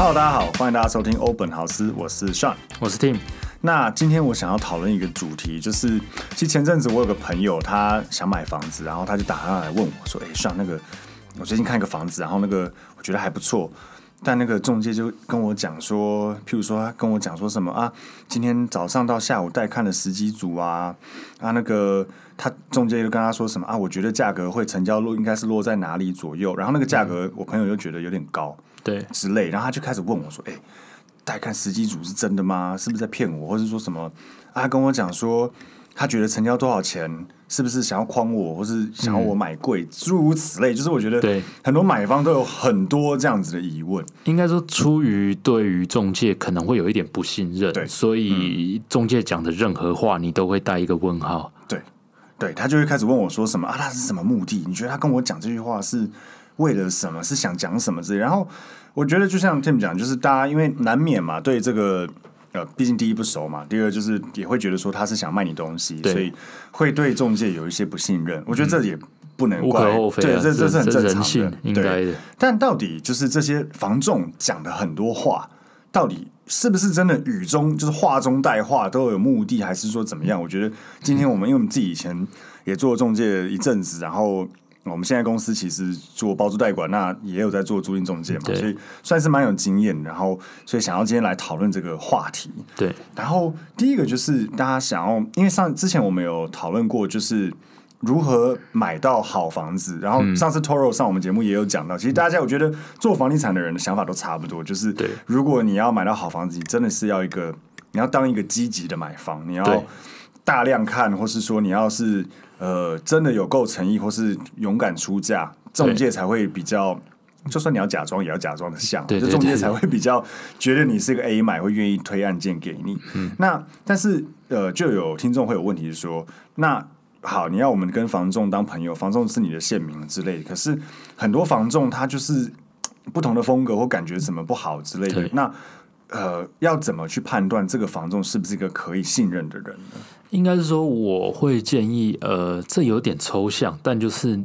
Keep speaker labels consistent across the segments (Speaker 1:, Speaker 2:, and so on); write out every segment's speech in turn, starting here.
Speaker 1: Hello，大家好，歡迎大家收聽歐本豪斯，我是 Sean，我是 Tim。那今天我想要討論一個主題，就是其實前陣子我有個朋友，他想買房子，然後他就打電話來問我，說：“哎、欸、，Sean，那個我最近看一個房子，然後那個我覺得還不錯，但那個仲介就跟我講說，譬如說他跟我講說什麼啊，今天早上到下午帶看了十幾組啊啊，那個他仲介又跟他說什麼啊，我覺得價格會成交落應該是落在哪裡左右，然後那個價格我朋友又覺得有點高。嗯”對之類，然後他就開始問我說：“哎、欸，帶看十幾組是真的嗎？是不是在騙我？或者說什麼？”啊、他跟我講說，他覺得成交多少錢，是不是想要誆我，
Speaker 2: 或是想要我買貴，諸、嗯、如此類。就是我覺得，對，很多買方都有很多這樣子的疑問。對應該說，出於對於仲介可能會有一點不信任，對所以仲、嗯、介講的任何話，你都會帶一個問號。對，
Speaker 1: 對他就會開始問我說：“什麼？啊，他是什麼目的？你覺得他跟我講這句話是？”為了什麼是想講什麼之類的，然後我覺得就像 Tim 講，就是大家因為難免嘛，對這個呃，畢竟第一不熟嘛，第二就是也會覺得說他是想賣你東西，對所以會對仲介有一些不信任。嗯、我覺得這也不能怪，無可厚非啊，對，這人這是很正常的，應該的。但到底就是這些房仲講的很多話，到底是不是真的語中就是話中帶話都有目的，還是說怎麼樣？嗯、我覺得今天我們因為我們自己以前也做仲介一陣子，然後。我們現在公司其實做包租代管，那也有在做租賃中介嘛，對所以算是蠻有經驗。然後，所以想要今天來討論這個話題。對。然後第一個就是大家想要，因為上之前我們有討論過，就是如何買到好房子。然後上次 Toro 上我們節目也有講到，嗯、其實大家我覺得做房地產的人的想法都差不多，就是如果你要買到好房子，你真的是要一個你要當一個積極的買房，你要。大量看，或是說你要是呃真的有夠誠意，或是勇敢出價，中對介才會比較。就算你要假裝，也要假裝的像，這中對對對對介才會比較覺得你是一個 A 買，會願意推案件給你。嗯、那但是呃，就有聽眾會有問題是說，那好，你要我們跟房仲當朋友，房仲是你的線民之類。可是很多房仲他就是不同的風格或感覺，什麼不好之類的對那。呃，要怎麼去判斷這個房仲是
Speaker 2: 不是一個可以信任的人呢？應該是說，我會建議，呃，這有點抽象，但就是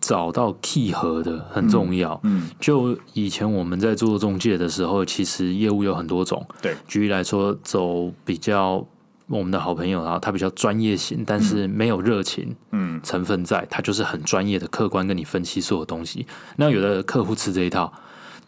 Speaker 2: 找到契合的很重要。嗯，嗯就以前我們在做中介的時候，其實業務有很多種。對，舉例來說，走比較我們的好朋友，然後他比較專業型，但是沒有熱情，嗯，成分在，他就是很專業的客觀跟你分析所有東西。那有的客戶吃這一套。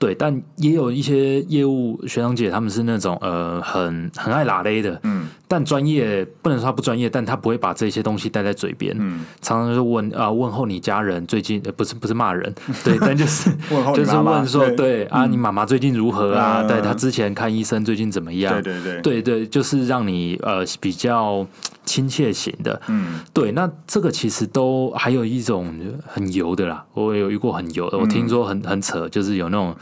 Speaker 2: 對，但也有一些業務學長姐，他們是那種呃很很愛喇咧的，嗯，但專業不能說他不專業，但他不會把這些東西帶在嘴邊，嗯，常常就是問啊、呃、問候你家人最近，呃、不是不是罵人，對，但就是 問候，就是問說對，對啊你媽媽最近如何啊？嗯、對，他之前看醫生最近怎麼樣？對對對，對就是讓你呃比較親切型的，嗯，對，那這個其實都還有一種很油的啦，我有遇過很油的，嗯、我聽說很很扯，就是有那種。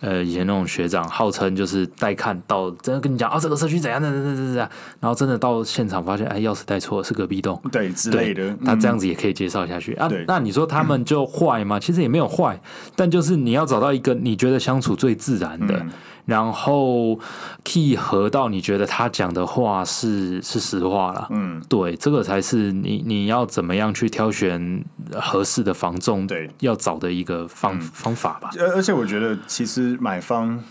Speaker 2: 呃，以前那種學長，號稱就是帶看到，真的跟你講啊、哦，這個社區怎樣，怎樣，怎樣，怎樣，然後真的到現場發現，哎，鑰匙帶錯了，是隔壁棟，對，對之類的，他這樣子也可以介紹下去、嗯、啊。對那你說他們就壞嗎？對其實也沒有壞，但就是你要找到一個你覺得相處最自然的。嗯然後 key 合到你覺得他講的話是是實話了，嗯，對，這個才是你你要怎麼樣去挑選合適的房仲，對，要找的一個方、嗯、方法吧。而
Speaker 1: 而且我覺得，其實買方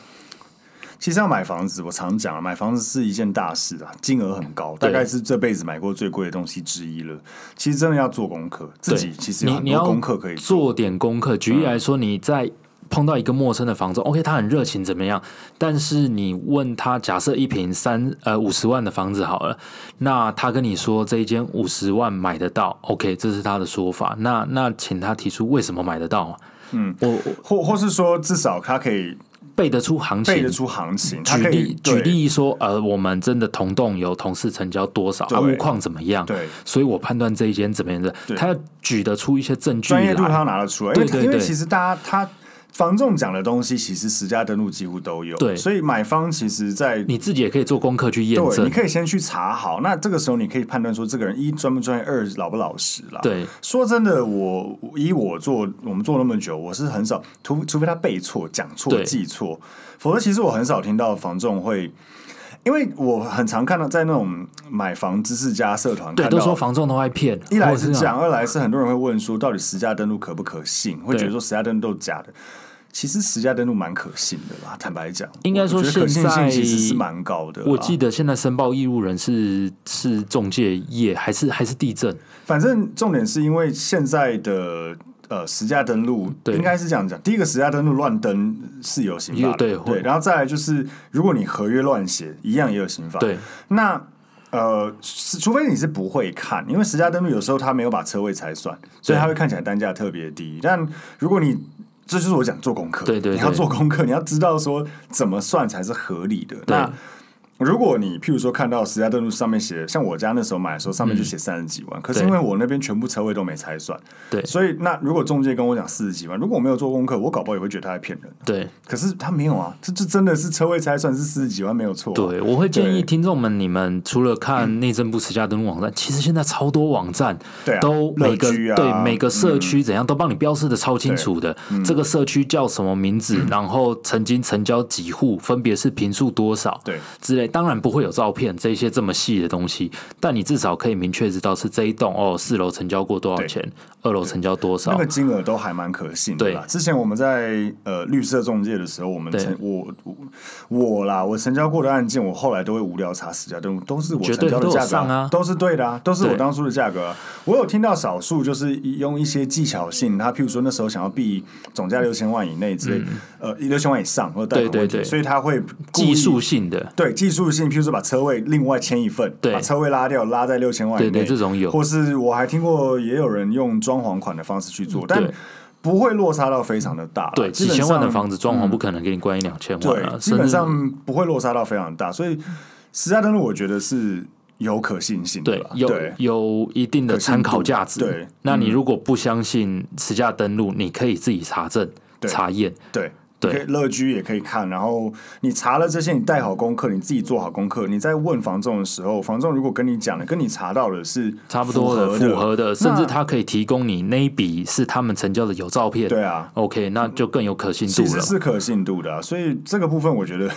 Speaker 1: 其實要買房子，我常講、啊、買房子是一件大事啊，金額很高，對大概是這輩子買過最貴的東西之一了。其實真的要做功課，對自己其實你你要功課
Speaker 2: 可以做，做點功課。舉例來說，你在。嗯碰到一個陌生的房子 o、OK, k 他很熱情，怎麼樣？但是你問他假設，假設一平三呃五十萬的房子好了，那他跟你說這一間五十萬買得到，OK，這是他的說法。那那請他提出為什麼買得到？嗯，我或或是說至少他可以背得出行情，背得出行情。舉例對舉例說，呃，我們真的同棟有同事成交多少，他對、啊、物況怎麼樣？對，所以我判斷這一間怎麼樣的？對他要舉得出一些證據來，專業度他拿得出來對對對，其實
Speaker 1: 大家他。房仲講的東西，其實實價登錄幾乎都有。對，所以買方其實在，在你
Speaker 2: 自己也可以做功課去驗證。對，你可以先
Speaker 1: 去查好，那這個時候你可以判斷說，這個人一專不專業，二老不老實了。對，說真的，我以我做，我們做那麼久，我是很少除除非他背錯、講錯、對記錯，否則其實我很少聽到房仲會。因為我很常看到在那種買房知識家社團，對，對都說
Speaker 2: 房仲都會騙。一來是這樣，講
Speaker 1: 二來是很多人會問說，到底實價登錄可不可信？對會覺得說實價登錄都假的。其實實價登錄蠻可信的啦，坦白講，應該說現在可信性其實是蠻高的、啊。我記
Speaker 2: 得現在申報義務人是是仲介業，還是還是地震？
Speaker 1: 反正重點是因為現在的。呃，實價登錄對應該是這樣講，第一個實價登錄亂登是有刑法，對，然後再來就是，如果你合約亂寫，一樣也有刑法。對，那呃除，除非你是不會看，因為實價登錄有時候他沒有把車位才算，所以他會看起來單價特別低。對但如果你這就是我講做功課，對，對對，你要做功課，你要知道說怎麼算才是合理的。對那。如果你譬如說看到實價登錄上面寫像我家那時候買的時候，上面就寫三十幾萬。可是因為我那邊全部車位都沒拆算，對，所以那如果中介跟我講四十幾萬，如果我沒有做功課，我搞不好也會覺得他在騙人。對，可是他沒有啊，這這真的是車位拆算是四十幾萬沒有錯啊。對，我會建議
Speaker 2: 聽眾們，你們除了看內政部實價登錄網站，其實現在超多網站，對，都每個對每個社區怎樣都幫你標示的超清楚的，這個社區叫什麼名字，然後曾經成交幾戶，分別是坪數多少，對，之類。當然不會有照片，這些這麼細的東西。但你至少可以明確知道是這一棟哦，四樓成交過多少錢，對二樓成交多少，那個
Speaker 1: 金額都還蠻可信的。對吧？之前我們在呃綠色仲介的時候，我們成對我我，我啦，我成交過的案件，我後來都會無聊查實價，都都是我成交的價格，啊，是都，啊、都是對的啊，都是我當初的價格，啊。我有聽到少數就是用一些技巧性，他譬如說那時候想要避總價六千萬以內之類，嗯、呃，六千萬以上，對對對，所以他會技術性的對技術性的。屬性，譬如說把車位另外簽一份，把車位拉掉，拉在六千萬。對對，這種有。或是我還聽過，也有人用裝潢款的方式去做，但不會落差到非常的大。對，幾千萬的房子裝潢不
Speaker 2: 可能給你關一兩千萬。對，基本上
Speaker 1: 不會落差到非常大，所以實價登錄我覺得是
Speaker 2: 有可信性，對，有有一定的參考價值。對，那你如果不相信實價登錄，你可以自己查證、查驗，對。可以樂居
Speaker 1: 也可以看。然後你查了這些，你帶好功課，你自己做好功課，你在問房仲的時候，房仲如果跟你講的跟你查到的是差不多的、對符合的，那甚至
Speaker 2: 他可以提供你那一筆是他們成交的有照片，對啊，OK，那就更有可信度了，其實是，是，是可信度
Speaker 1: 的啊，所以這個部分我覺得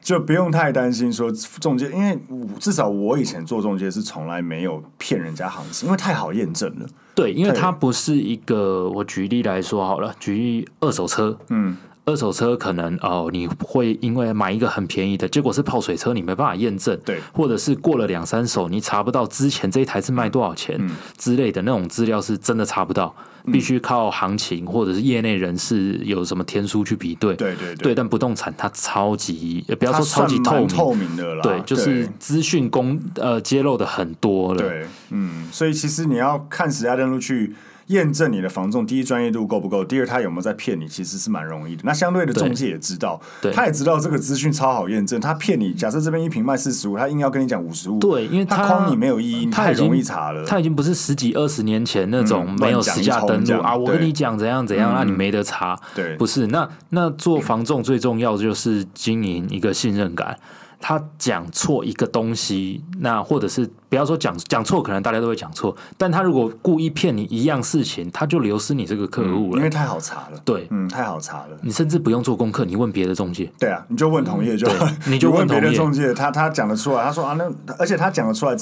Speaker 1: 就不用太擔心說中介，因為至少我以前做中介是從來沒有騙人家行情，因為太好驗證了，
Speaker 2: 對，因為它不是一個，太我舉例來說好了，舉例二手車，嗯。二手車可能哦，你會因為買一個很便宜的，結果是泡水車，你沒辦法驗證。對，或者是過了兩三手，你查不到之前這一台是賣多少錢、嗯、之類的那種資料，是真的查不到，嗯、必須靠行情或者是業內人士有什麼天書去比對。對對對。對，但不動產它超級，不要說超級透明，透明的了。對，就是資訊公對呃揭露的很多了。對，嗯，
Speaker 1: 所以其實你要看實價登錄去。驗證你的房仲，第一，專業度夠不夠？第二，他有沒有在騙你？其實是蠻容易的。那相對的，中介也知道，對對，他也知道這個資訊超好驗證。他騙你，假設這邊一坪賣四十五，他硬要跟你講五十
Speaker 2: 五。對，因為他，他誆你沒有意義，嗯、他你太容易查了。他已經不是十幾二十年前那種沒有實價登錄啊，我跟你講怎樣怎樣，讓對你沒得查。對，不是那，那做房仲最重要的就是經營一個信任感。他講錯一個東西，那或者是不要說講講錯，可能大家都會講錯。但他如果故意騙你一樣事情，他就流失你這個客戶了，嗯、因為太好查了。對，嗯，太好查了。你甚至不用做功課，你問別的仲介。對啊，你就問同業就好、嗯、你就問同業，仲
Speaker 1: 介，他他講得出來，他說啊，那而且他講得出來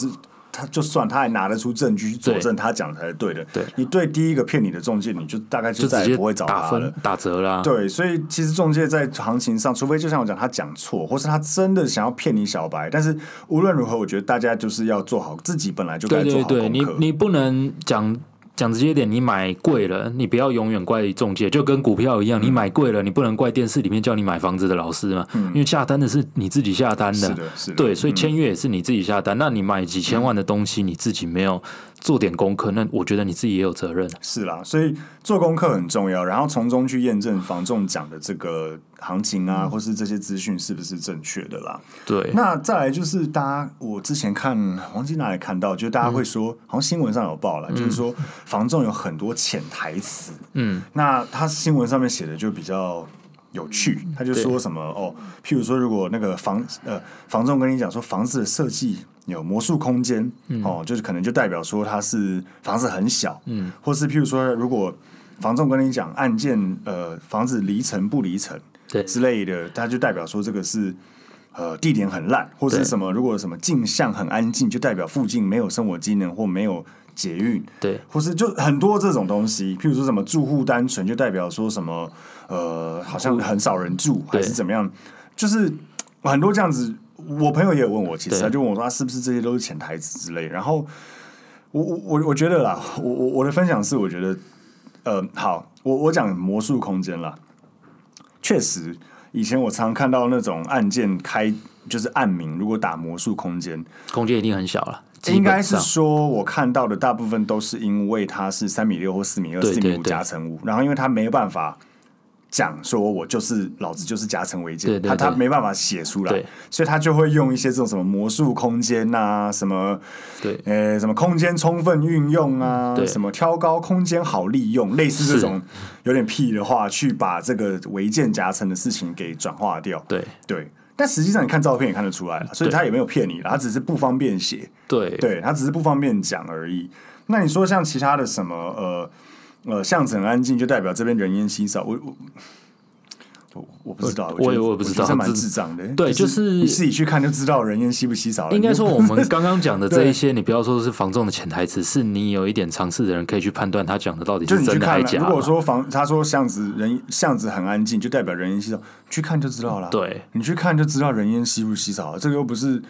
Speaker 1: 他就算他還拿得出證據去佐證對他講才是對的，對了，你對第一個騙你的仲介，你就大概就再也不會找他了，打，
Speaker 2: 打折啦，啊。對，
Speaker 1: 所以其實仲介在行情上，除非就像我講，他講錯，或是他真的想要騙你小白，但是無論如何，我覺得大家就是要做好自己本來就該做好功
Speaker 2: 課，你，你不能講。講直接點，你買貴了，你不要永遠怪中介，就跟股票一樣，你買貴了，你不能怪電視裡面叫你買房子的老師嘛，嗯、因為下單的是你自己下單的，是的是的對，所以簽約也是你自己下單。嗯、那你買幾千萬的東西，你自己沒有做點功課，嗯、那我覺得你自己也有責任。是啦，所以做功課很重要，然後從中去驗證房仲講的這個。行
Speaker 1: 情啊，或是這些資訊是不是正確的啦？對，那再來就是大家，我之前看忘記哪裡看到，就大家會說，嗯、好像新聞上有報了，嗯、就是說房仲有很多潛台詞。嗯，那他新聞上面寫的就比較有趣，他就說什麼對哦，譬如說如果那個房呃房仲跟你講說房子的設計有魔術空間、嗯、哦，就是可能就代表說他是房子很小，嗯，或是譬如說如果房仲跟你講案件呃房子離塵不離城對之類的，它就代表說這個是呃地點很爛，或是什麼？對如果什麼靜巷很安靜，就代表附近沒有生活機能或沒有捷運，對，或是就很多這種東西。譬如說什麼住戶單純，就代表說什麼呃好像很少人住，戶還是怎麼樣？對就是很多這樣子。我朋友也有問我，其實他就問我說，是不是這些都是潛台詞之類的？然後我我我我覺得啦，我我我的分享是，我覺得呃好，我我講魔術空間啦。確實，以前我常看到那種按鍵開，就是暗門。如果打魔術空間，空間一定很小了。應該是說，我看到的大部分都是因為它是三米六或四米二、四米五夾層物，然後因為它沒有辦法。講說，我就是老子，就是夾層違建，對對對，他他沒辦法寫出來，對所以他就會用一些這種什麼魔術空間吶、啊，什麼對，呃、欸，什麼空間充分運用啊，對什麼挑高空間好利用，對類似這種有點屁的話，是去把這個違建夾層的事情給轉化掉。對、對，對，但實際上你看照片也看得出來了，所以他也沒有騙你，他只是不方便寫，對對，他只是不方便講而已。那你說像其他的什麼呃？呃，巷子很安靜，就代表這邊人煙稀少。我我我不知道，我我也我不知道，蠻智障的。對，就是你自己去看就知道人煙稀不稀少了。就是、應該說，我們剛
Speaker 2: 剛講的這一些， 對你不要說是房仲的潛台詞，是你有一點常識的人可以去判斷他講的到底是真的，就是你去看，還是假。如果說
Speaker 1: 房，他說巷子人巷子很安靜，就代表人煙稀少，去看就知道了、啊。對，你去看就知道人煙稀不稀少，了。這個又不是。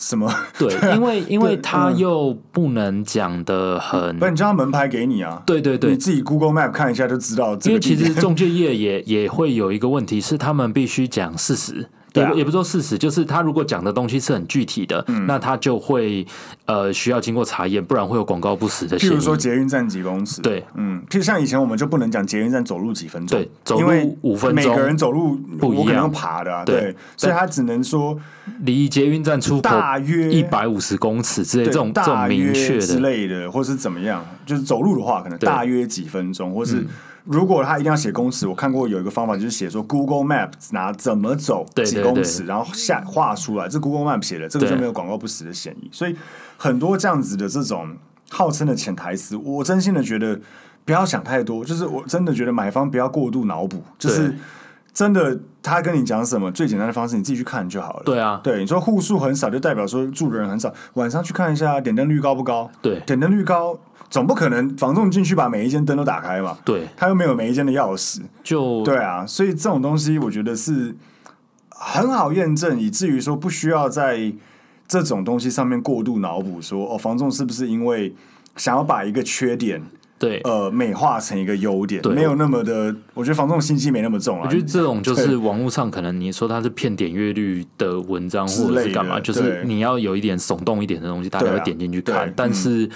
Speaker 1: 什麼？ 對，因為因為他
Speaker 2: 又不能講的很，嗯、不然
Speaker 1: 你叫他門牌給你啊？對對對，你自己 Google Map 看一下就知道。因為其實中
Speaker 2: 介業也 也會有一個問題是，他們必須講事實。也、啊、也不說事實，就是他如果講的東西是很具體的，嗯、那他就會呃需要經過查驗，不然會有廣告不實的嫌疑。比如說捷
Speaker 1: 運站幾公尺，對，嗯，譬如像以前我們就不能講捷運站走路幾分鐘，對，走路五分鐘，每個人走路不一樣，爬的啊，對，對，所以他只能說離捷運站出口大約一百五
Speaker 2: 十公尺之類的對這種這種明確的之
Speaker 1: 類的，或是怎麼樣，就是走路的話，可能大約幾分鐘，或是對。嗯如果他一定要寫公尺，我看過有一個方法就是寫說 Google Map 拿怎麼走幾公尺。對對對，然後下畫出來，這 Google Map 寫的，這個就沒有廣告不實的嫌疑。對所以很多這樣子的這種號稱的潛台詞，我真心的覺得不要想太多，就是我真的覺得買方不要過度腦補，就是真的他跟你講什麼，最簡單的方式你自己去看就好了。對啊，對你說，戶數很少就代表說住的人很少，晚上去看一下點燈率高不高？對，點燈率高。總不可能房仲進去把每一間燈都打開嘛？對，他又沒有每一間的鑰匙。就對啊，所以這種東西我覺得是很好驗證，以至於說不需要在這種東西上面過度腦補，說哦，房仲是不是因為想要把一個缺點對呃
Speaker 2: 美化成一個優點？對沒有
Speaker 1: 那麼的，我覺得房仲心機沒那麼重啊。我覺得這種就是網
Speaker 2: 絡上可能你說它是騙點閱率的文章或者是幹嘛，對就是你要有一點聳動一點的東西，大家會點進去看，對但是。嗯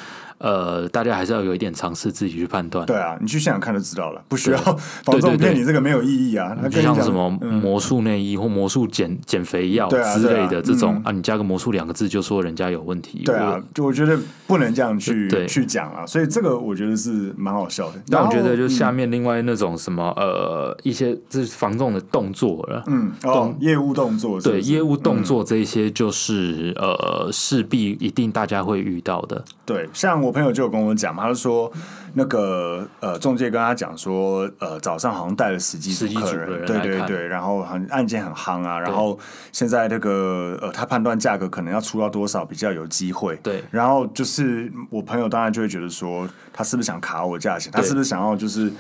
Speaker 2: 呃，大家還是要有一點嘗試自己去判斷。對啊，
Speaker 1: 你去現場看就知道了，不需要對對對，你這個沒有意義啊。就像什麼
Speaker 2: 魔術內衣或魔術減減肥藥之類的這種啊，你加個魔術兩個字就說人家有問題，對啊，
Speaker 1: 就我覺得不能這樣去去講啊。所以這個我覺得是蠻好笑
Speaker 2: 的。那我覺得就下面另外那種什麼呃一些是房仲的動作了，嗯，哦，
Speaker 1: 業務動作對業務動
Speaker 2: 作，這些就是呃勢必一定大家會遇到的。
Speaker 1: 對，像我。我朋友就有跟我講嘛，他就說那個呃仲介跟他講說，呃早上好像帶了十幾十幾組客人，人對對對，然後很案件很夯啊，對然後現在那個呃他判斷價格可能要出到多少比較有機會，對，然後就是我朋友當然就會覺得說他是不是想卡我價錢，對他是不是想要就是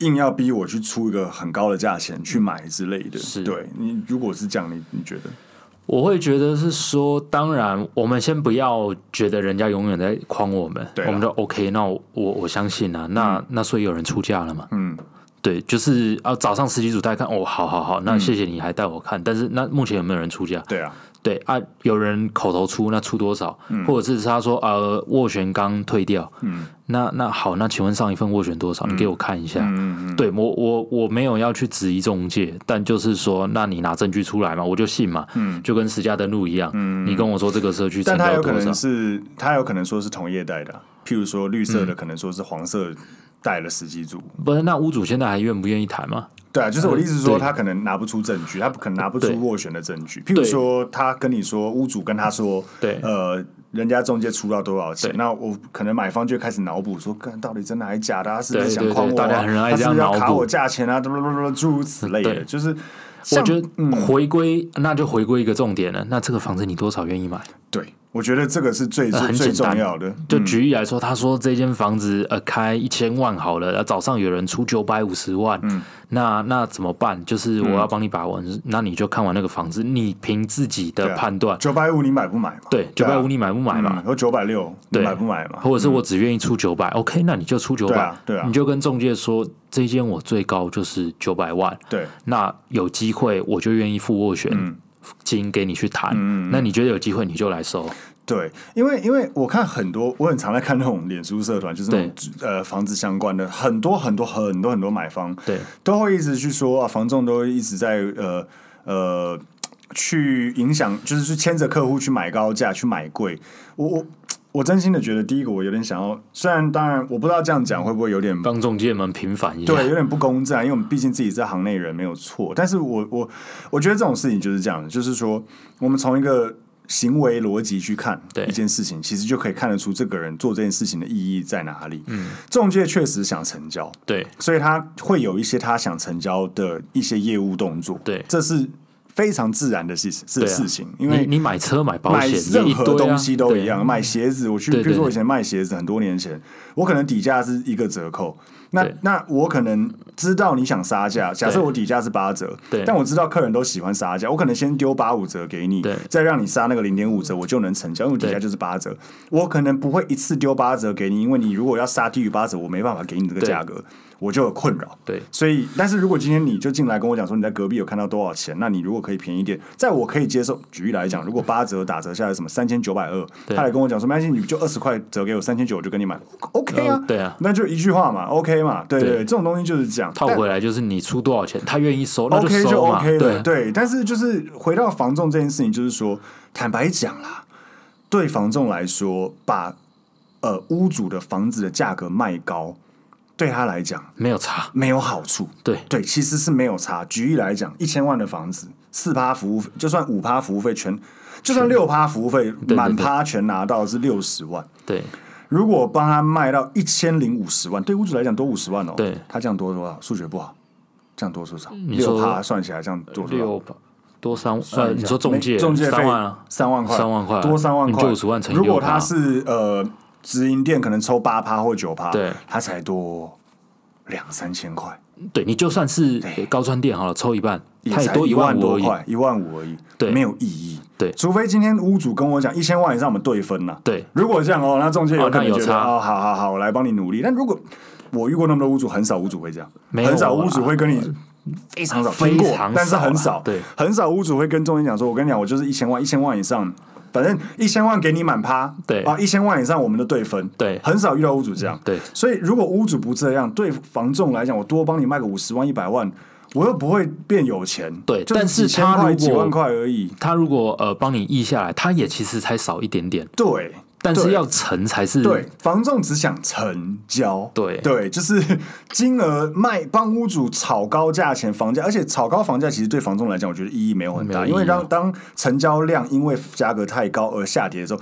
Speaker 1: 硬要逼我去出一個很高的價錢去買之類的，是對，你如果是這樣，你你覺得？
Speaker 2: 我會覺得是說，當然，我們先不要覺得人家永遠在框我們，對了，我們就 O K。那我我，我相信啊，那、嗯、那所以有人出價了嘛。嗯。對，就是啊，早上十幾組帶看，哦，好好好，那謝謝你還帶我看，嗯、但是那目前有沒有人出價？對啊，對啊，有人口頭出，那出多少？嗯、或者是他說啊、呃，斡旋剛退掉，嗯、那那好，那請問上一份斡旋多少？你給我看一下。嗯嗯嗯、對我我我沒有要去質疑中介，但就是說，那你拿證據出來嘛，我就信嘛。嗯、就跟實價登錄一樣，嗯、你跟我說這個社區成交多少？但他有可能是，
Speaker 1: 他有可能說是同業帶的，譬如說綠色的，可能說是黃色。嗯帶了十幾組，不是，那屋主現在還願不願意談嗎？對啊，就是我的意思是說，他可能拿不出證據，他不可能拿不出斡旋的證據。譬如說，他跟你說屋主跟他說，對，呃，人家中介出到多少錢，對那我可能買方就開始腦補說，到底真的還是假的？他是不是想框我、啊對對對？大家很愛這樣要卡我
Speaker 2: 價錢啊，怎麼怎麼怎麼諸如此類的。就是我覺得嗯，回歸，那就回歸一個重點了。那這個房子你多少願意買？對。我
Speaker 1: 覺得這個是最最重要的。就
Speaker 2: 舉例來說，他說這間房子呃開一千萬好了，那早上有人出九百五十萬，那那怎麼辦？就是我要幫你把完，那你就看完那個房子，你憑自己的判斷，九
Speaker 1: 百五你買不買
Speaker 2: 嘛？對，九百五你買不買嘛？
Speaker 1: 或九百六
Speaker 2: 你買不買嘛？或者是我只願意出九百，OK，那你就出九百，對啊，你就跟仲介說，這間我最高就是九百萬，對，那有機會我就願意付斡旋。金給你去談，嗯、那你覺得有機會你就來收。對，因為因為我看很多，我很常在看那種臉書社團，就是那種對呃房子相
Speaker 1: 關的，很多很多很多很多買方，對，都會一直去說啊，房仲都一直在呃呃去影響，就是去牽着客戶去買高價，去買貴，我我。我真心的覺得，第一個我有點想要，雖然當然我不知道這樣講會不會有點
Speaker 2: 幫中介蠻頻繁一點對，有
Speaker 1: 點不公正啊。因為我們畢竟自己在行內人沒有錯，但是我我我覺得這種事情就是這樣的，就是說我們從一個行為邏輯去看一件事情，其實就可以看得出這個人做這件事情的意義在哪裡。嗯，中介確實想成交，對，所以他會有一些他想成交的一些業務動作，對，這是。非常自然的事情是事情，啊、因為你
Speaker 2: 買車、買保險，任何東西
Speaker 1: 都一樣。啊、買鞋子，我去，比如說我以前賣鞋子，很多年前，我可能底價是一個折扣，那對那我可能知道你想殺價，假設我底價是八折，對，但我知道客人都喜歡殺價，我可能先丟八五折給你，對，再讓你殺那個零點五折，我就能成交，因為底價就是八折。對我可能不會一次丟八折給你，因為你如果要殺低於八折，我沒辦法給你這個價格，對我就有困擾，對。所以，但是如果今天你就進來跟我講說你在隔壁有看到多少錢，那你如果可以便宜點，在我可以接受，舉例來講，如果八折打折下來什麼三千九百二，他來跟我講說沒關係，你就二十塊折給我三千九，我就跟你買，OK 啊、呃，對啊，那就一句話嘛
Speaker 2: ，OK。嘛，對，對對，對這種東西就是這樣。套回來就是你出多少錢，但他願意收 OK，就，就 OK 了。對，
Speaker 1: 對，但是就是回到房仲這件事情，就是說，坦白講啦，對房仲來說，把呃屋主的房子的價格賣高，對他來講沒有差，沒有好處。對對，其實是沒有差。舉例來講，一千萬的房子，四趴服務費，就算五趴服務費全，就算六趴服務費滿趴全拿到是六十萬。對。如果幫他賣到一千零五十萬，對屋主來講多五十萬哦。對，他這樣多多少？數學不好，這樣多多少？你六趴他算起來這樣多多
Speaker 2: 少？多三，算你說中介中介費三萬，三萬塊，三萬塊多三萬塊。如果他是
Speaker 1: 呃直營店，可能抽八趴或九趴，對，他才多兩三千塊。
Speaker 2: 對，你就算是高專店好了，抽一半。太多一萬多塊，
Speaker 1: 一萬五而已，對，沒有意義。對，除非今天屋主跟我講一千萬以上，我們對分吶。對，如果這樣哦，那中介有可能覺得，哦，好好好，我來幫你努力。但如果我遇過那麼多屋主，很少屋主會這樣，很少屋主會跟你非常少，非常少但是很少，對，很少屋主會跟中介講說，我跟你講，我就是一千萬，一千萬以上，反正一千萬給你滿趴，對啊，一千萬以上，我們的對分，對，很少遇到屋主這樣，對。所以如果屋主不這樣，對房仲來講，我多幫你賣個五十萬、一百萬。我又不會變有錢，對，是，但是他如果幾萬塊
Speaker 2: 而已，他如果呃幫你議下來，他也其實才少一點點，對，但是要成才是對，
Speaker 1: 房仲只想成交，對，對，就是金額賣幫屋主炒高價錢房價，而且炒高房價其實對房仲來講，我覺得意義沒有很大，因為當當成交量因為價格太高而下跌的時候，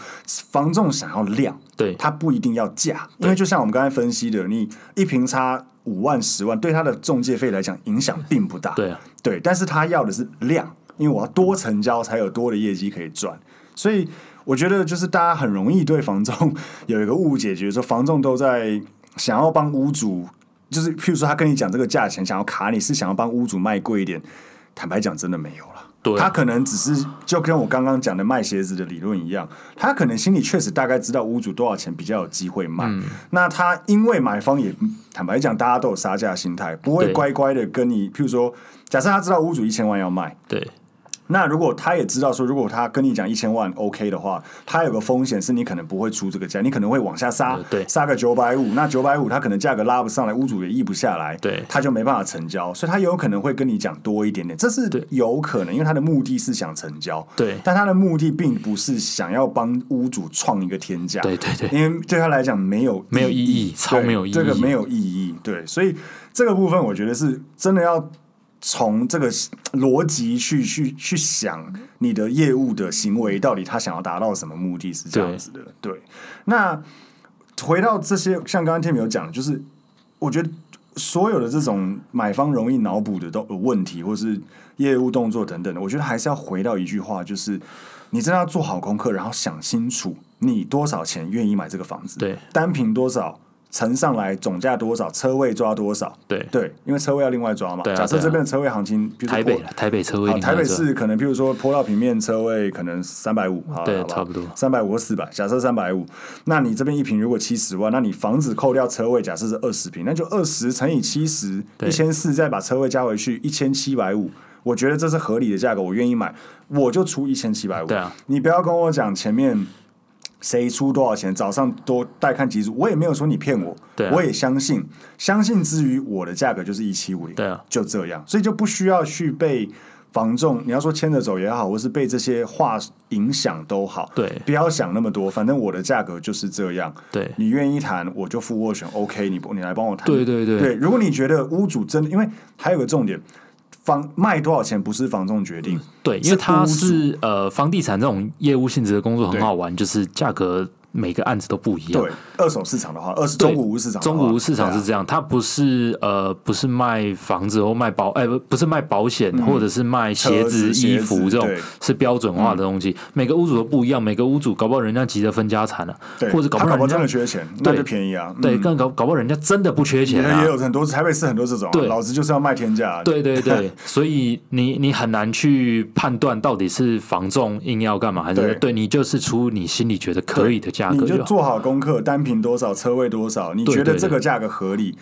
Speaker 1: 房仲想要量，對，它不一定要價，對因為就像我們剛才分析的，你一坪差。五萬十萬對他的中介費來講影響並不大，對啊，對，但是他要的是量，因為我要多成交才有多的業績可以賺，所以我覺得就是大家很容易對房仲有一個誤解，覺得說房仲都在想要幫屋主，就是譬如說他跟你講這個價錢，想要卡你是想要幫屋主賣貴一點，坦白講真的沒有了。他可能只是就跟我剛剛講的賣鞋子的理論一樣，他可能心裡確實大概知道屋主多少錢比較有機會賣。嗯、那他因為買方也坦白講，大家都有殺價心態，不會乖乖的跟你。對，譬如說，假設他知道屋主一千萬要賣，對。那如果他也知道說，如果他跟你講一千萬 OK 的話，他有個風險是，你可能不會出這個價，你可能會往下殺，對，殺個九百五，那九百五他可能價格拉不上來，屋主也議不下來，對，他就沒辦法成交，所以他有可能會跟你講多一點點，這是有可能，因為他的目的是想成交，對，但他的目的並不是想要幫屋主創一個天價，對對對，因為對他來講沒有
Speaker 2: 沒有意義，超沒有意義，這個沒有意
Speaker 1: 義，對，所以這個部分我覺得是真的要。從這個邏輯去去去想你的業務的行為，到底他想要達到什麼目的？是這樣子的。對，對。那回到這些，像剛剛 Tim 有講，就是我覺得所有的這種買方容易腦補的都有問題，或是業務動作等等的，我覺得還是要回到一句話，就是你真的要做好功課，然後想清楚你多少錢願意買這個房子，對，單憑多少。乘上來總價多少，車位抓多少？對對，因為車位要另外抓嘛。假設這邊的車位行情，比如台北
Speaker 2: 台北車位，台北市
Speaker 1: 可能譬如說坡道平面車位可能三百五，對，差不多三百五或四百。假設三百五，那你這邊一坪如果七十萬，那你房子扣掉車位，假設是二十坪，那就二十乘以七十，一千四，再把車位加回去，一千七百五。我覺得這是合理的價格，我願意買，我就出一千七百五。對啊，你不要跟我講前面誰出多少錢，早上多。大家看基數，我也沒有說你騙我，對啊、我也相信。相信之餘，我的價格就是一七五零，就這樣，所以就不需要去被房仲。你要說牽着走也好，或是被這些話影響都好，對，不要想那麼多。反正我的價格就是這樣。對，你願意談，我就付斡旋，OK？你不，你來幫我談，對對對,對。如果你覺得屋主真的，因為還有個重點，房賣多少錢不是房
Speaker 2: 仲決定，對，因為他是,是呃房地產這種業務性質的工作，很好玩，對就是價格。每個案子都不一樣。對，二
Speaker 1: 手市場的話，二手中古屋市場，中古屋市場是這樣，它
Speaker 2: 不是呃，不是賣房子或賣保，哎，不不是賣保險或者是賣鞋子、衣服這種，是標準化的東西。每個屋主都不一樣，每個屋主搞不好人家急着分家產了，或者搞不好人家真的缺錢，對。那就便宜啊。對，更搞搞不好人家真的不缺錢啊。也有
Speaker 1: 很多台北市很多這種，對。老子就是要賣天價。對對對，
Speaker 2: 所以你你很難去判斷到底是房仲硬要幹嘛，還是對你就是出你心裡覺得可以的價。你就做
Speaker 1: 好功課，單坪多少，車位多少，你覺得這個價格合理？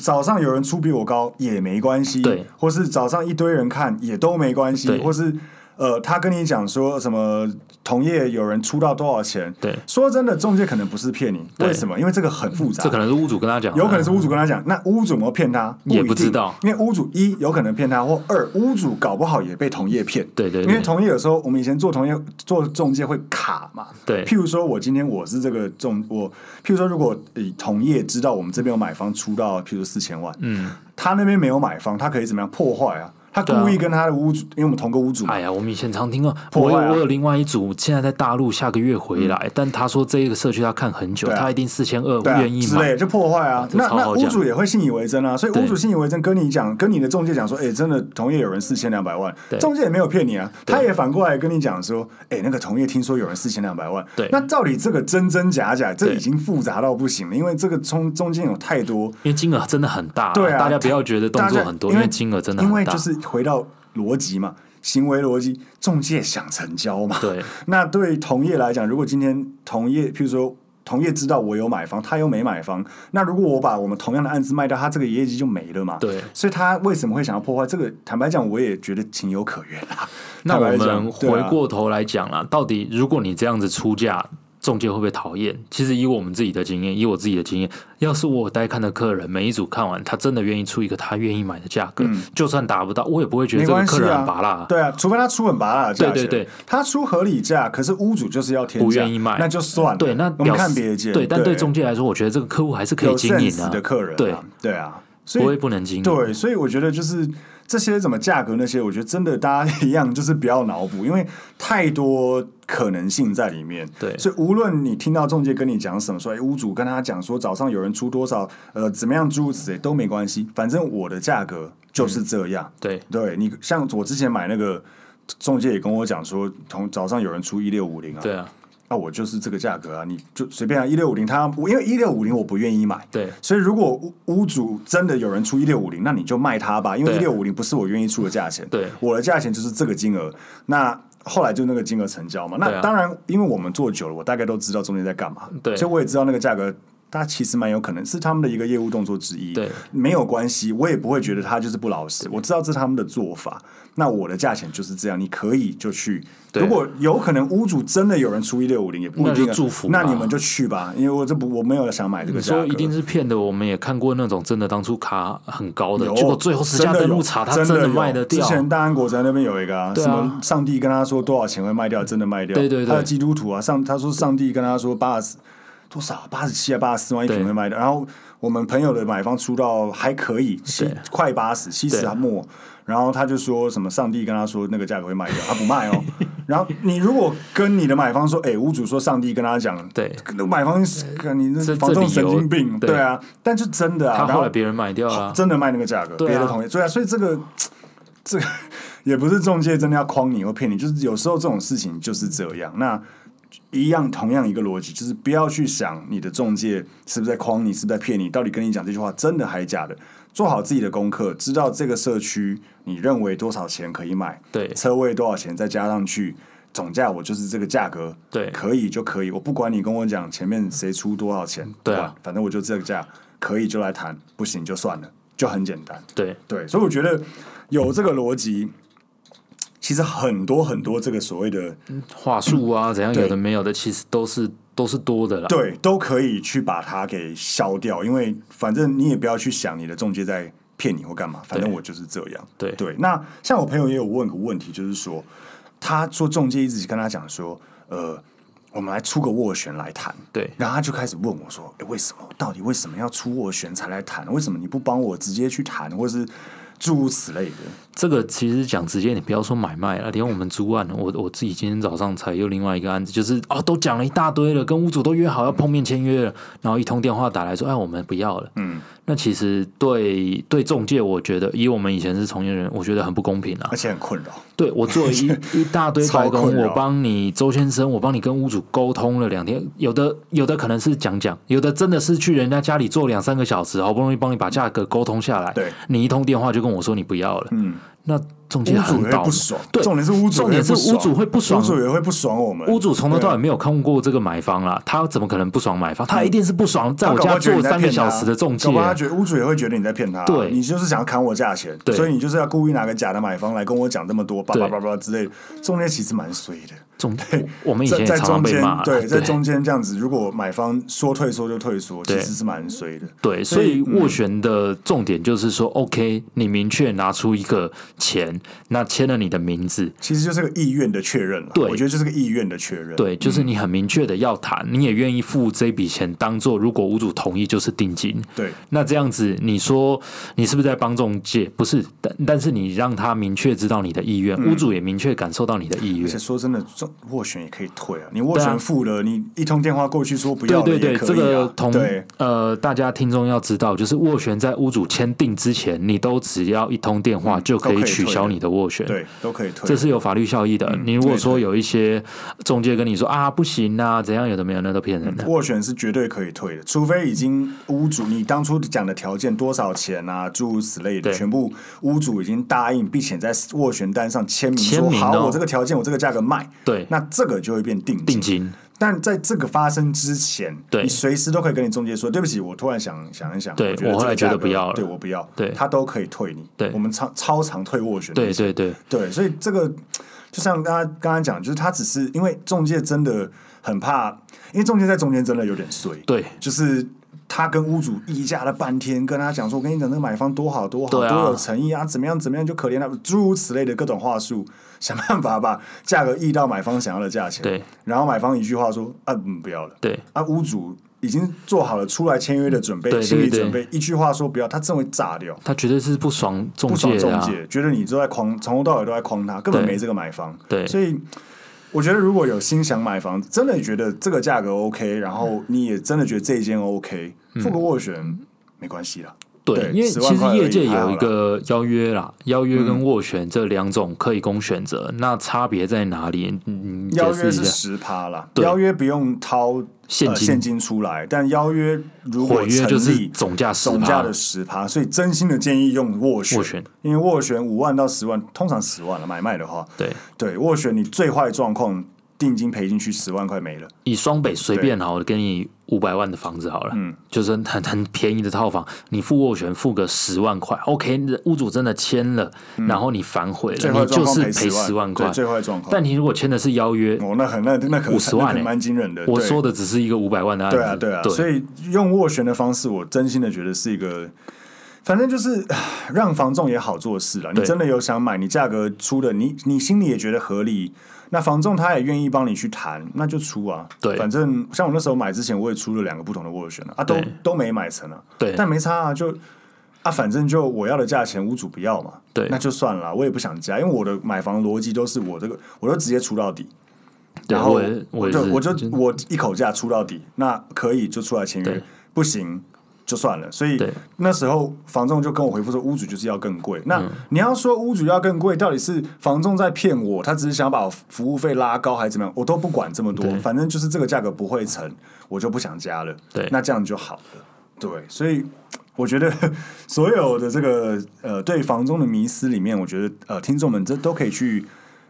Speaker 1: 早上有人出比我高也沒關係，或是早上一堆人看也都沒關係，或是。呃，他跟你講說什麼？同業有人出到多少錢？對，說真的，仲介可能不是騙你，為什麼？對因為這個很複雜。這可能
Speaker 2: 是屋主跟他講，有可能是屋
Speaker 1: 主跟他講。嗯、那屋主有沒有騙他？不一定，也不知道，因為屋主一有可能騙他，或二屋主搞不好也被同業騙。對對對，因為同業有時候我們以前做同業做仲介會卡嘛。對，譬如說，我今天我是這個仲我譬如說，如果同業知道我們這邊有買方出到譬如四千萬，嗯，他那邊沒有買方，他可以怎麼樣破壞啊？他故意跟他的屋主，因為我們
Speaker 2: 同個屋主。哎呀，我們以前常聽啊，我我有另外一組，現在在大陸，下個月回來。但他說這一個社區他看很久，他一定四千二，不願意買對。
Speaker 1: 就破壞啊。那那屋主也會信以為真啊，所以屋主信以為真，跟你講，跟你的中介講說，哎，真的同業有人四千兩百萬，中介也沒有騙你啊，他也反過來跟你講說，哎，那個同業聽說有人四千兩百萬，對。那到底這個真真假假，這已經複雜到不行了，因為這個中中間有太多，
Speaker 2: 因為金額真的很大，對啊，大家不要覺得動作很多，因為金額真的很大，因為就是。
Speaker 1: 回到邏輯嘛，行為邏輯，仲介想成交嘛，對。那對同業來講，如果今天同業，譬如說同業知道我有買方，他又沒買方，那如果我把我們同樣的案子賣掉，他這個業績就沒了嘛，對。所以他為什麼會想要破壞這個？坦白講，我也覺得情有可原
Speaker 2: 啦。那我們回過頭來講啦，啊、到底如果你這樣子出價。中介會不會討厭？其實以我們自己的經驗，以我自己的經驗，要是我帶看的客人每一組看完，他真的願意出一個他願意買的價格，嗯、就算達不到，我也不會覺得這個客人很拔辣、啊啊。
Speaker 1: 對啊，除非他出很拔辣的價格，對對對，他出合理價，可是屋主就是要天不願意賣，那就算了，嗯。對，那表示我們看別的對，對，但對中
Speaker 2: 介來說，我覺得這個客戶還是可以經營、啊、的客人、啊。對
Speaker 1: 對啊，所以不會不能經營。對，所以我覺得就是。這些怎麼價格那些，我覺得真的大家一樣，就是不要腦補，因為太多可能性在裡面。對，所以無論你聽到仲介跟你講什麼，說哎、欸、屋主跟他講說早上有人出多少，呃怎麼樣諸如此類都沒關係，反正我的價格就是這樣。嗯、對，對你像我之前買那個仲介也跟我講說，同早上有人出一六五零啊。對啊。那、啊、我就是這個價格啊，你就隨便啊，一六五零，他因為一六五零我不願意買，對，所以如果屋主真的有人出一六五零，那你就賣他吧，因為一六五零不是我願意出的價錢，對，我的價錢就是這個金額，那後來就那個金額成交嘛，那當然，因為我們做久了，我大概都知道中間在幹嘛，對、啊，所以我也知道那個價格。他其實蠻有可能是他們的一個業務動作之一，對沒有關係，我也不會覺得他就是不老實。對我知道這是他們的做法，那我的價錢就是這樣，你可以就去。對如果有可能，屋主真的有人出一六五零，也不一定祝福，那你們就去吧。因為我這不，我沒有想買這個。說一
Speaker 2: 定是騙的，我們也看過那種真的，當初卡很高的，有結果最後實價登錄查，真有真有他真的賣得掉。之前大安國城那邊有一個、啊，什麼、啊、
Speaker 1: 上帝跟他說多少錢會賣掉，真的賣掉。對對對，他是基督徒啊，上他說上帝跟他說八十。多少？八十七八十四萬？一坪會賣掉？對然後我們朋友的買方出到還可以七，七對快八十，七十啊末。對然後他就說什麼上帝跟他說那個價格會賣掉，對他不賣哦。 然後你如果跟你的買方說，哎、欸，屋主說上帝跟他講，
Speaker 2: 對，買方
Speaker 1: 是，你這房東神經病，對,對啊。但是真的啊，他後來別人
Speaker 2: 賣掉了，真的
Speaker 1: 賣那個價格，別、啊、的同意，對啊。所以這個，這個、也不是仲介真的要誆你或騙你，就是有時候這種事情就是這樣。那。一樣，同樣一個邏輯，就是不要去想你的仲介是不是在誆你，是不是在騙你，到底跟你講這句話真的還是假的？做好自己的功課，知道這個社區你認為多少錢可以買，對車位多少錢，再加上去總價，我就是這個價格，對，可以就可以，我不管你跟我講前面誰出多少錢，嗯、對吧、啊？反正我就這個價，可以就來談，不行就算了，就很簡單，對對。所以我覺得有這個邏輯。其實很多很多這個所謂的、嗯、話術啊， 怎樣有的沒有的，其實對都是都是多的啦。對，都可以去把它給消掉，因為反正你也不要去想你的中介在騙你或幹嘛，反正我就是這樣。對對，對，那像我朋友也有問個問題，就是說，他說中介一直跟他講說，呃，我們來出個斡旋來談，對，然後他就開始問我說，哎、欸，為什麼？到底為什麼要出斡旋才來談？為什麼你不幫我直接去談，或是？諸如此類
Speaker 2: 的，這個其實講直接點，你不要說買賣啊，連我們租案，我我自己今天早上才有另外一個案子，就是哦，都講了一大堆了，跟屋主都約好要碰面簽約了，然後一通電話打來說，哎，我們不要了。嗯。那其實對對仲介，我覺得以我們以前是從業人，我覺得很不公平啊，而且很困擾。對，我做一一大堆包工， 擾我幫你周先生，我幫你跟屋主溝通了兩天，有的有的可能是講講，有的真的是去人家家裡坐兩三個小時，好不容易幫你把價格溝通下來，對你一通電話就跟我說你不要了，嗯、那。中介很不爽，對，重點是屋，重點是屋主會不爽，屋主也
Speaker 1: 會不爽我們。屋主從頭到
Speaker 2: 尾沒有看過這個買方了，他怎麼可能不爽買方？他一定是不爽在我家做三個小時的中介，恐怕他覺
Speaker 1: 得屋主也會覺得你在騙他。對，你就是想砍我價錢，所以你就是要故意拿個假的買方來跟我講這麼多，叭叭叭叭之類。中間其實蠻衰的，中介我們以前在中間，對，在中間這樣子，如果買方說退縮就退縮，其實是蠻衰的。對，所以斡
Speaker 2: 旋的重點就是說，OK，你明確拿出一個錢。那簽了你的名字，其實就是個意願的確認
Speaker 1: 了。對，我覺得就是個意願的確認。對，就是你很
Speaker 2: 明確的要談，你也願意付這筆錢，當做如果屋主同意就是定金。對，那這樣子，你說你是不是在幫中介？不是，但但是你讓他明確知道你的意願，屋主也明確感受到你的意願。而且說真的，這斡旋也可以退啊，你斡旋
Speaker 1: 付了，你一通電話過去說不要，對對對，這個同
Speaker 2: 呃，大家聽眾要知道，就是斡旋在屋主簽訂之前，你都只要一通電話就可以取消。你的斡旋對，都可以退，這是有法律效益的。嗯、你如果說有一些中介跟你說對對對啊，不行啊，怎樣，有的沒有，那都騙人的。
Speaker 1: 斡旋是絕對可以退的，除非已經屋主你當初講的條件多少錢啊，諸如此類的，對全部屋主已經答應，並且在斡旋單上簽名說，簽名、哦、好，我這個條件，我這個價格賣。對，那這個就會變定金定金。但在這個發生之前，對你隨時都可以跟你中介說：“對不起，我突然想想一想，對我後來覺得不要了，對我不要。”對，他都可以退你。對我們超超常退斡旋。對對對對，所以這個就像剛剛剛講，就是他只是因為中介真的很怕，因為中介在中間真的有點衰。對，就是。他跟屋主議價了半天，跟他講說：“我跟你講，那個買方多好多好，啊、多有誠意啊，怎麼樣怎麼樣，就可憐他，諸如此類的各種話術，想辦法把價格議到買方想要的價錢。對然後買方一句話說：啊，嗯、不要了。對啊，屋主已經做好了出來簽約的準備，對對對心理準備，一句話說不要，他真會炸掉。
Speaker 2: 他絕對是不爽不爽中介、啊、覺
Speaker 1: 得你都在誆，從頭到尾都在誆他，根本沒這個買方。對，對所以。”我覺得如果有心想買房，真的覺得這個價格 OK，然後你也真的覺得這一間 OK，做個斡旋沒關係的。
Speaker 2: 對，因為其實業界有一個邀約啦，嗯、邀約跟斡旋這兩種可以供選擇，那差別在哪裡？嗯，邀約是十趴了，啦對邀
Speaker 1: 約不用掏現金、呃、現金出來，但邀約如果成立，就是總價總價的十趴，所以真心的建議用斡旋，斡旋因為斡旋五萬到十萬，通常十萬了、啊、買賣的話，對對，斡旋你最壞狀況。定金賠進去十萬塊沒了，
Speaker 2: 以雙北隨便好了，我對給你五百萬的房子好了，嗯，就是很很便宜的套房，你付斡旋付個十萬塊，OK，你的屋主真的簽了，然後你反悔了，你、嗯、就是賠十萬塊，最壞狀況。但你如果簽的是邀約，邀約哦，那很那那可能五十萬、欸，蠻驚人的。我說的只是一個五百萬的案子，對啊對啊，對啊對所以
Speaker 1: 用斡旋的方式，我真心的覺得是一個。反正就是讓房仲也好做事了。你真的有想買，你價格出的，你你心裡也覺得合理，那房仲他也願意幫你去談，那就出啊。對，反正像我那時候買之前，我也出了兩個不同的斡旋了啊，啊對都都沒買成啊。對，但沒差啊，就啊，反正就我要的價錢屋主不要嘛，對，那就算了，啊，我也不想加，因為我的買房邏輯都是我這個，我就直接出到底。對然後我，我就我就的我一口價出到底，那可以就出來簽約，對不行。就算了，所以那時候房仲就跟我回復說，屋主就是要更貴。那你要說屋主要更貴，到底是房仲在騙我？他只是想把我服務費拉高，還怎麼樣？我都不管這麼多，對反正就是這個價格不會成，我就不想加了。對，那這樣就好了。對，所以我覺得所有的這個呃，對房仲的迷思裡面，我覺得呃，聽眾們這都可以去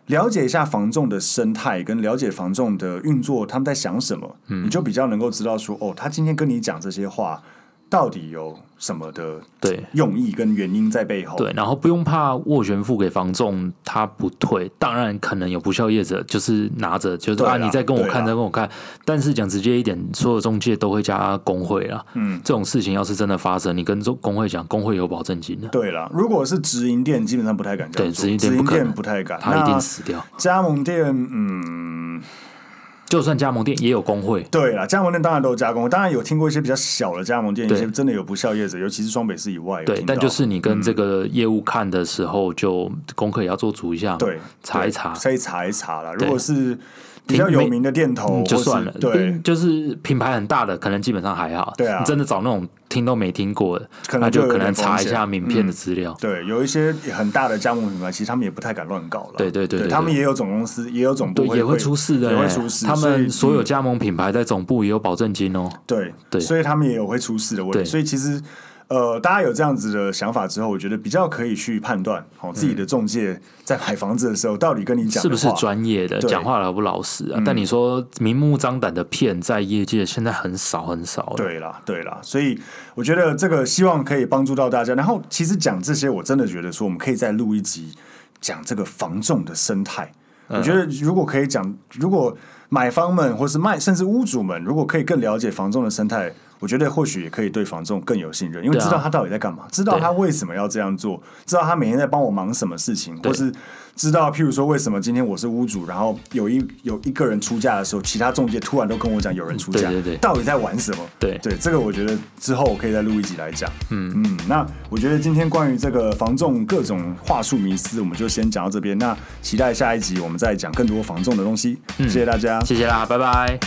Speaker 1: 了解一下房仲的生態，跟了解房仲的運作，他們在想什麼，嗯、你就比較能夠知道說，哦，他今天跟你講這些話。到底有什麼的，
Speaker 2: 對用
Speaker 1: 意跟原因在背後？對，
Speaker 2: 然後不用怕斡旋付給房仲，他不退，當然可能有不肖業者就是拿着，就是啊，啦你再跟我看，啦再跟我看。但是講直接一點，啦所有中介都會加工會啦。嗯，這種事情要是真的發生，你跟工會講，工會有保證金的。對啦，
Speaker 1: 如果是直營店，基本上不太敢。對，直營直營店不太敢，他一定死掉。加盟店，嗯。就算加盟店也有
Speaker 2: 工會，對啦，
Speaker 1: 加盟店當然都有加工，當然有聽過一些比較小的加盟店，對一些真的有不肖業者，尤其是雙北市以外，對，但就是你跟
Speaker 2: 這個業務看的時候就，就功課也要做足一下，對，查一查，可以查一查啦。如果是。比較有名的店頭就算了，對，就是品牌很大的，可能基本上還好。對啊，你真的找那種聽都沒聽過的，那就可能查一下名片的資料。對，
Speaker 1: 有一些很大的加盟品牌，其實他們也不太敢亂搞
Speaker 2: 了。對對對，他們也
Speaker 1: 有總公司，也有總部，也會出事的。也會出事，他們所有
Speaker 2: 加盟品牌在總部也有保證金哦。
Speaker 1: 對對，所以他們也有會出事的問題。所以其實。呃，大家有這樣子的想法之後，我覺得比較可以去判斷哦，自己的仲介在買房子的時候到底跟你講、嗯、是不是專
Speaker 2: 業的，講對話老不老實啊？嗯、但你說明目張膽的騙，在業界現在很少很少。對啦，對啦。
Speaker 1: 所以我覺得這個希望可以幫助到大家。然後，其實講這些，我真的覺得說，我們可以再錄一集講這個房仲的生態。我覺得如果可以講，如果買方們或是賣，甚至屋主們，如果可以更了解房仲的生態。我覺得或許也可以對房仲更有信任，因為知道他到底在幹嘛，啊、知道他為什麼要這樣做，對知道他每天在幫我忙什麼事情，對或是知道譬如說為什麼今天我是屋主，然後有一有一個人出價的時候，其他中介突然都跟我講有人出價，對對對，到底在玩什麼？對對，對，這個我覺得之後我可以再錄一集來講。對嗯嗯，那我覺得今天關於這個房仲各種話術迷思，我們就先講到這邊。那期待下一集我們再講更多房仲的東西。嗯、謝謝大家，謝
Speaker 2: 謝啦，拜拜。